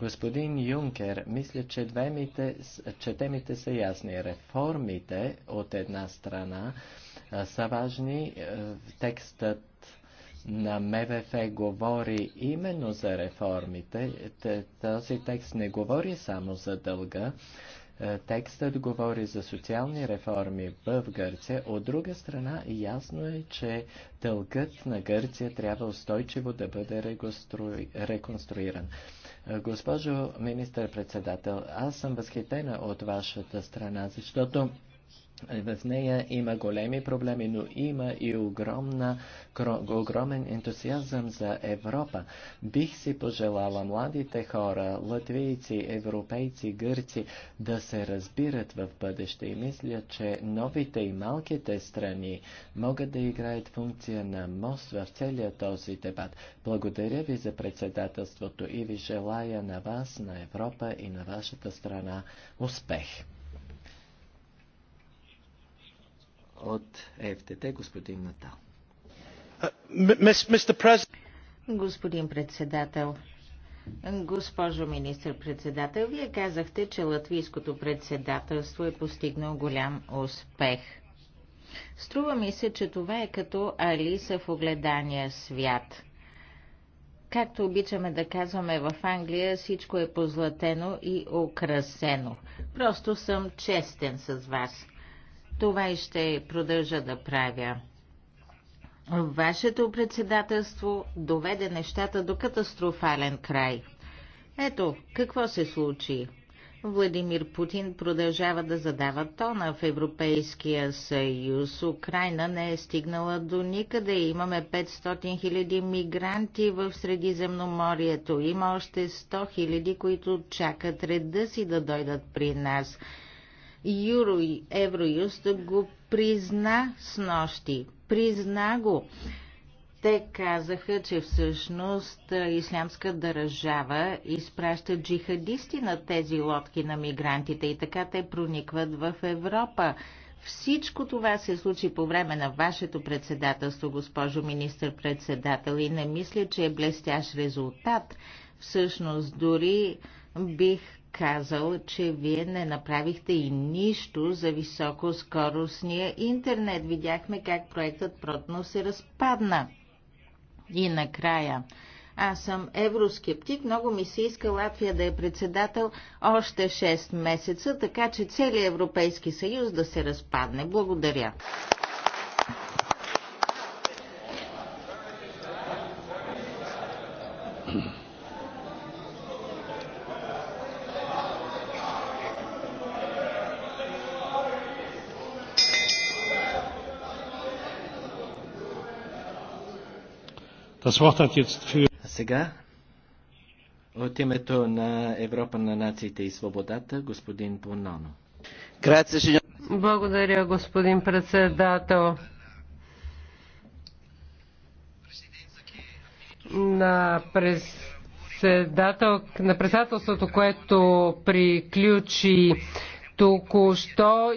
Господин Юнкер, мисля, че, двемите, че темите са ясни. Реформите от една страна са важни. Е, текстът на МВФ говори именно за реформите. Този текст не говори само за дълга. Е, текстът говори за социални реформи в Гърция. От друга страна, ясно е, че дългът на Гърция трябва устойчиво да бъде реконструиран. Госпожо министър-председател, аз съм възхитена от вашата страна, защото в нея има големи проблеми, но има и огромна, огромен ентусиазъм за Европа. Бих си пожелала младите хора, латвийци, европейци, гърци, да се разбират в бъдеще и мисля, че новите и малките страни могат да играят функция на мост в целия този дебат. Благодаря ви за председателството и ви желая на вас, на Европа и на вашата страна успех! от ЕФТТ, господин Натал. Господин председател, госпожо министр-председател, вие казахте, че латвийското председателство е постигнал голям успех. Струва ми се, че това е като Алиса в огледания свят. Както обичаме да казваме в Англия, всичко е позлатено и украсено. Просто съм честен с вас. Това и ще продължа да правя. Вашето председателство доведе нещата до катастрофален край. Ето, какво се случи? Владимир Путин продължава да задава тона в Европейския съюз. Украина не е стигнала до никъде. Имаме 500 хиляди мигранти в Средиземноморието. Има още 100 хиляди, които чакат реда си да дойдат при нас. Юро и Евроюст го призна с нощи. Призна го. Те казаха, че всъщност ислямска държава изпраща джихадисти на тези лодки на мигрантите и така те проникват в Европа. Всичко това се случи по време на вашето председателство, госпожо министр-председател, и не мисля, че е блестящ резултат. Всъщност, дори бих казал, че вие не направихте и нищо за високоскоростния интернет. Видяхме как проектът Протно се разпадна. И накрая. Аз съм евроскептик, много ми се иска Латвия да е председател още 6 месеца, така че целият Европейски съюз да се разпадне. Благодаря. Mm-hmm. Сега от името на Европа на нациите и свободата, господин Бононо. Благодаря, господин председател. На, председател, на председателството, което приключи току-що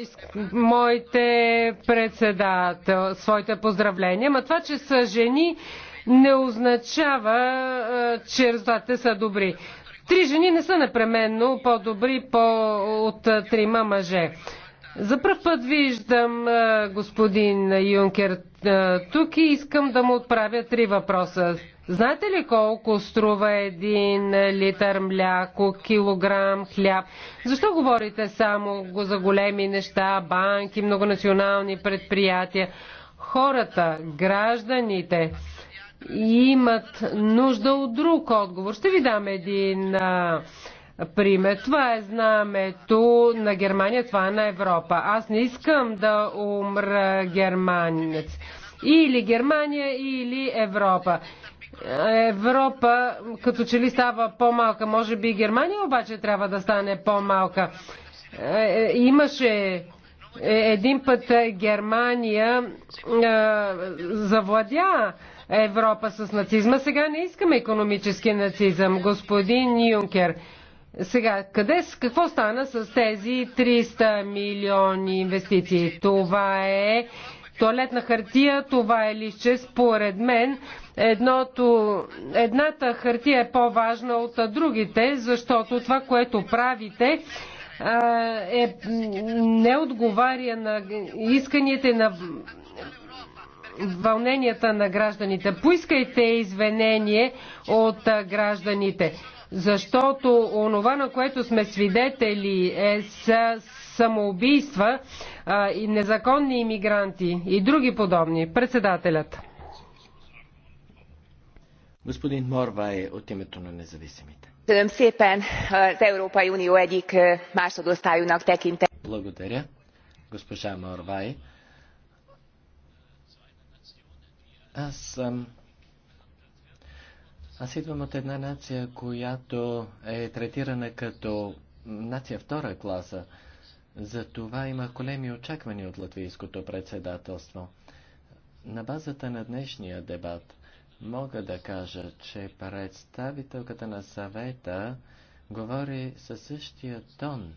моите председател, своите поздравления. Ма това, че са жени, не означава, че резултатите са добри. Три жени не са непременно по-добри по от трима мъже. За първ път виждам господин Юнкер тук и искам да му отправя три въпроса. Знаете ли колко струва един литър мляко, килограм хляб? Защо говорите само за големи неща, банки, многонационални предприятия? Хората, гражданите, имат нужда от друг отговор. Ще ви дам един а, пример. Това е знамето на Германия, това е на Европа. Аз не искам да умра германец. Или Германия, или Европа. Европа като че ли става по-малка, може би Германия обаче трябва да стане по-малка. Е, е, имаше е, един път Германия завладя Европа с нацизма. Сега не искаме економически нацизъм, господин Юнкер. Сега, къде, какво стана с тези 300 милиони инвестиции? Това е туалетна хартия, това е лище. Според мен, едното, едната хартия е по-важна от другите, защото това, което правите, е, не отговаря на исканията на вълненията на гражданите. Поискайте извинение от гражданите, защото онова, на което сме свидетели е с самоубийства а, и незаконни иммигранти и други подобни. Председателят. Господин Морвай е от името на независимите. Благодаря. Госпожа Морвай Аз съм... Аз идвам от една нация, която е третирана като нация втора класа. За това има големи очаквания от латвийското председателство. На базата на днешния дебат мога да кажа, че представителката на съвета говори със същия тон,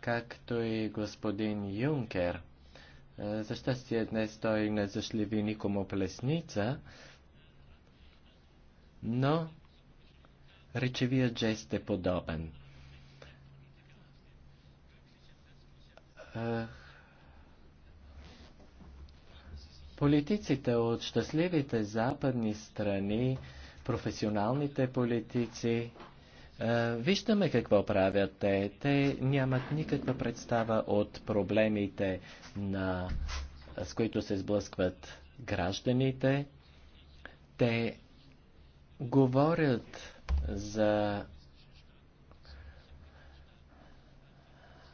както и господин Юнкер – е, за щастие днес той не зашливи никому плесница, но речевият жест е подобен. Е, политиците от щастливите западни страни, професионалните политици, е, виждаме какво правят те. Те нямат никаква представа от проблемите, на, с които се сблъскват гражданите. Те говорят за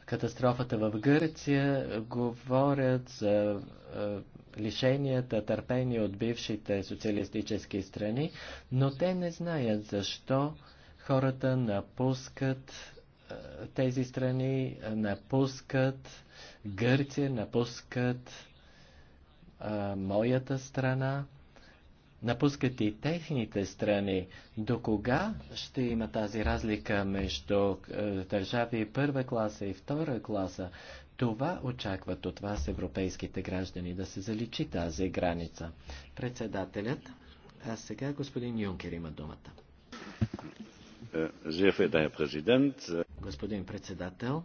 катастрофата в Гърция, говорят за е, лишенията, търпени от бившите социалистически страни, но те не знаят защо Хората напускат тези страни, напускат Гърция, напускат а, моята страна, напускат и техните страни. До кога ще има тази разлика между а, държави първа класа и втора класа? Това очакват от вас европейските граждани, да се заличи тази граница. Председателят, а сега господин Юнкер има думата. Euh, euh, Господин председател,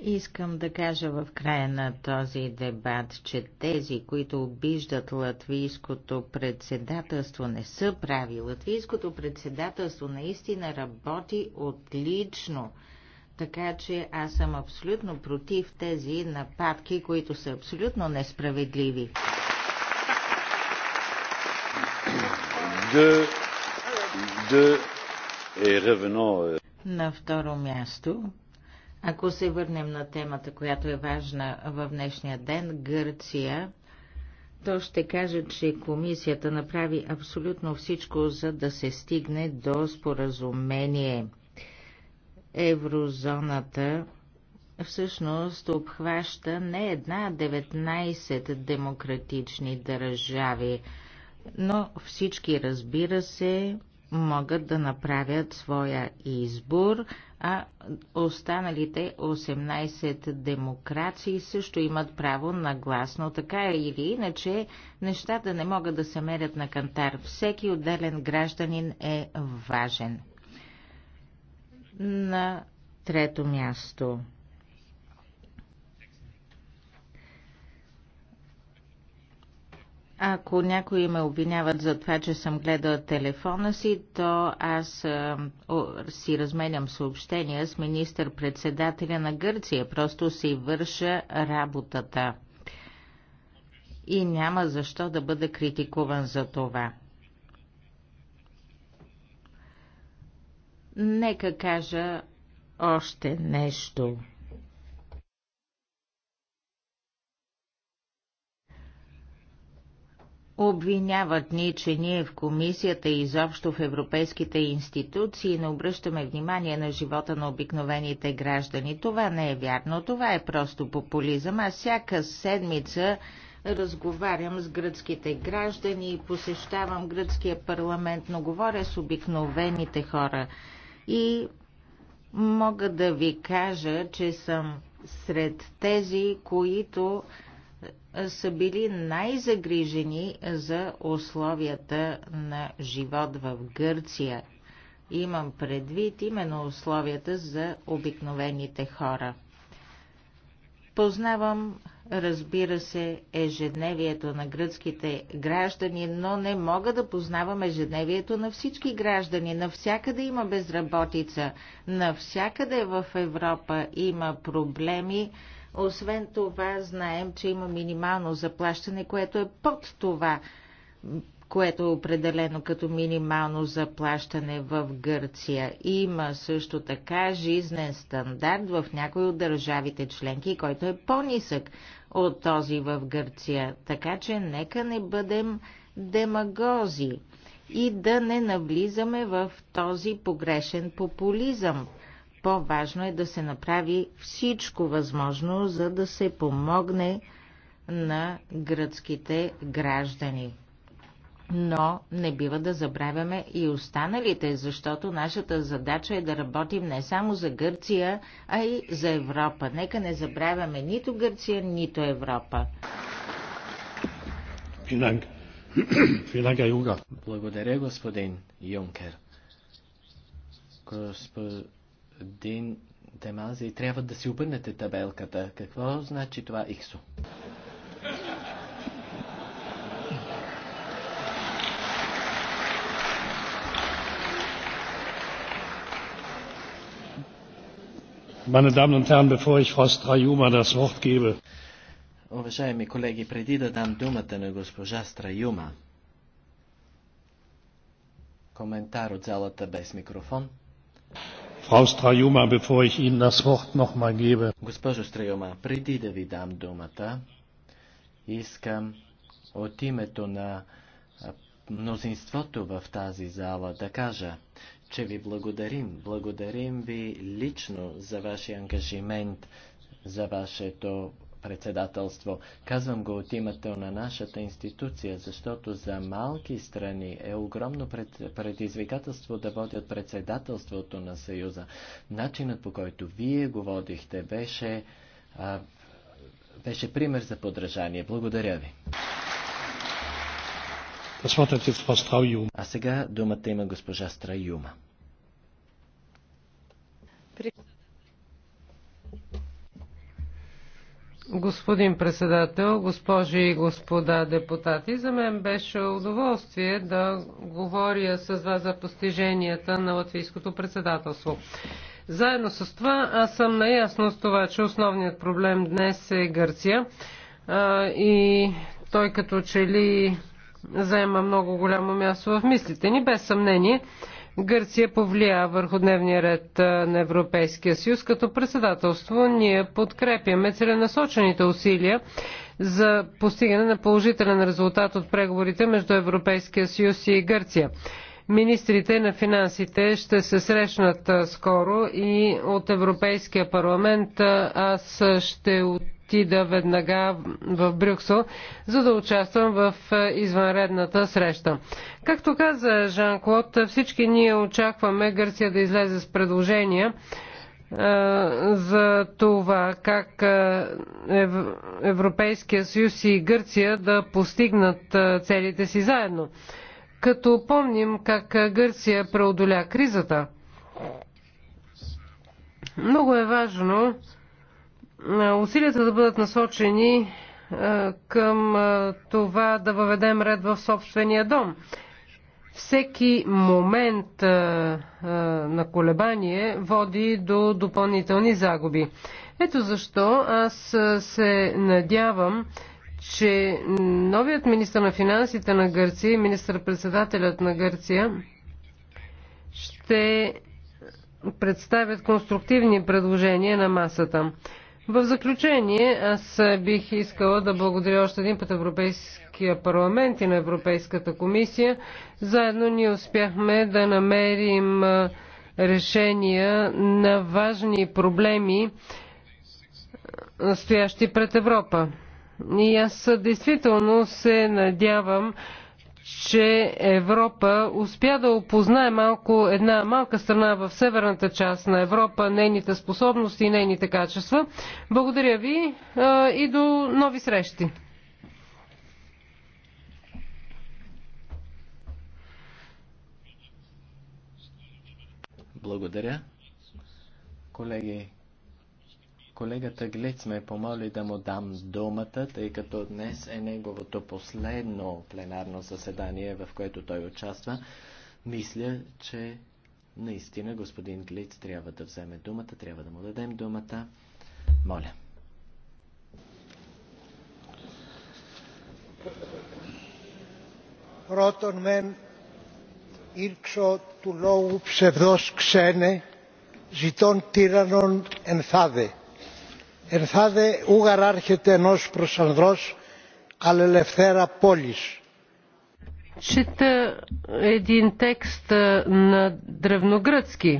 Искам да кажа в края на този дебат, че тези, които обиждат латвийското председателство, не са прави. Латвийското председателство наистина работи отлично. Така че аз съм абсолютно против тези нападки, които са абсолютно несправедливи. Euh, на второ място, ако се върнем на темата, която е важна в днешния ден, Гърция, то ще кажа, че комисията направи абсолютно всичко, за да се стигне до споразумение. Еврозоната всъщност обхваща не една 19 демократични държави но всички, разбира се, могат да направят своя избор, а останалите 18 демокрации също имат право на глас, но така или иначе нещата не могат да се мерят на кантар. Всеки отделен гражданин е важен. На трето място – Ако някои ме обвиняват за това, че съм гледала телефона си, то аз а, о, си разменям съобщения с министър-председателя на Гърция. Просто си върша работата. И няма защо да бъда критикуван за това. Нека кажа още нещо. Обвиняват ни, че ние в комисията и изобщо в европейските институции не обръщаме внимание на живота на обикновените граждани. Това не е вярно, това е просто популизъм. Аз всяка седмица разговарям с гръцките граждани и посещавам гръцкия парламент, но говоря с обикновените хора. И мога да ви кажа, че съм сред тези, които са били най-загрижени за условията на живот в Гърция. Имам предвид именно условията за обикновените хора. Познавам, разбира се, ежедневието на гръцките граждани, но не мога да познавам ежедневието на всички граждани. Навсякъде има безработица, навсякъде в Европа има проблеми освен това, знаем, че има минимално заплащане, което е под това, което е определено като минимално заплащане в Гърция. Има също така жизнен стандарт в някои от държавите членки, който е по-нисък от този в Гърция. Така че нека не бъдем демагози и да не навлизаме в този погрешен популизъм по-важно е да се направи всичко възможно, за да се помогне на гръцките граждани. Но не бива да забравяме и останалите, защото нашата задача е да работим не само за Гърция, а и за Европа. Нека не забравяме нито Гърция, нито Европа. Благодаря, господин Юнкер господин Демази, трябва да си обърнете табелката. Какво значи това иксо? Meine Damen und Herren, bevor ich Frau Strajuma das Wort gebe. Уважаеми колеги, преди да дам думата на госпожа Страюма, коментар от залата без микрофон. Госпожо Страюма, преди да ви дам думата, искам от името на мнозинството в тази зала да кажа, че ви благодарим. Благодарим ви лично за вашия ангажимент, за вашето председателство. Казвам го от името на нашата институция, защото за малки страни е огромно пред, предизвикателство да водят председателството на Съюза. Начинът по който вие го водихте беше, а, беше пример за подражание. Благодаря ви. А сега думата има госпожа Страюма. Господин председател, госпожи и господа депутати, за мен беше удоволствие да говоря с вас за постиженията на латвийското председателство. Заедно с това, аз съм наясно с това, че основният проблем днес е Гърция а, и той като че ли заема много голямо място в мислите ни, без съмнение. Гърция повлия върху дневния ред на Европейския съюз. Като председателство ние подкрепяме целенасочените усилия за постигане на положителен резултат от преговорите между Европейския съюз и Гърция. Министрите на финансите ще се срещнат скоро и от Европейския парламент аз ще от отида веднага в Брюксел, за да участвам в е, извънредната среща. Както каза Жан-Клод, всички ние очакваме Гърция да излезе с предложения е, за това как е, Европейския съюз и Гърция да постигнат целите си заедно. Като помним как Гърция преодоля кризата. Много е важно усилията да бъдат насочени е, към е, това да въведем ред в собствения дом. Всеки момент е, на колебание води до допълнителни загуби. Ето защо аз се надявам, че новият министр на финансите на Гърция и министр-председателят на Гърция ще представят конструктивни предложения на масата. В заключение, аз бих искала да благодаря още един път Европейския парламент и на Европейската комисия. Заедно ние успяхме да намерим решения на важни проблеми, стоящи пред Европа. И аз действително се надявам, че Европа успя да опознае малко една малка страна в северната част на Европа, нейните способности и нейните качества. Благодаря ви и до нови срещи! Благодаря. Колеги, Колегата Глиц ме помоли да му дам думата, тъй като днес е неговото последно пленарно заседание, в което той участва. Мисля, че наистина господин Глиц трябва да вземе думата, трябва да му дадем думата. Моля. Ротон мен ήρξω του λόγου ψευδός ξένε, ζητών τύραννων ενθάδε. Ερθάδε ούγαρ άρχεται ενός προσανδρός αλελευθέρα πόλης. Чита един текст на древногръцки.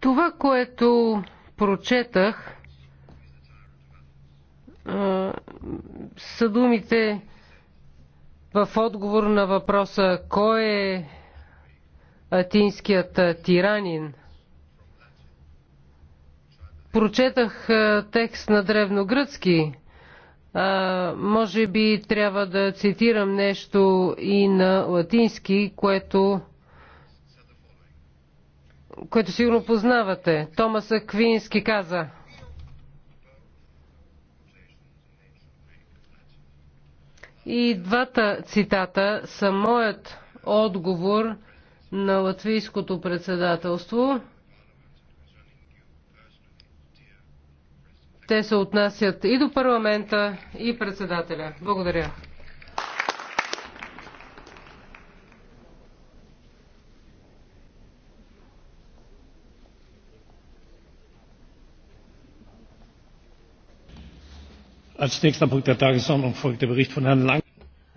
Това, което прочетах, са думите в отговор на въпроса кой е атинският тиранин. Прочетах текст на древногръцки. А, може би трябва да цитирам нещо и на латински, което което сигурно познавате. Томас Аквински каза И двата цитата са моят отговор на латвийското председателство. Те се отнасят и до парламента, и председателя. Благодаря. als nächster punkt der tagesordnung folgt der bericht von herrn langen.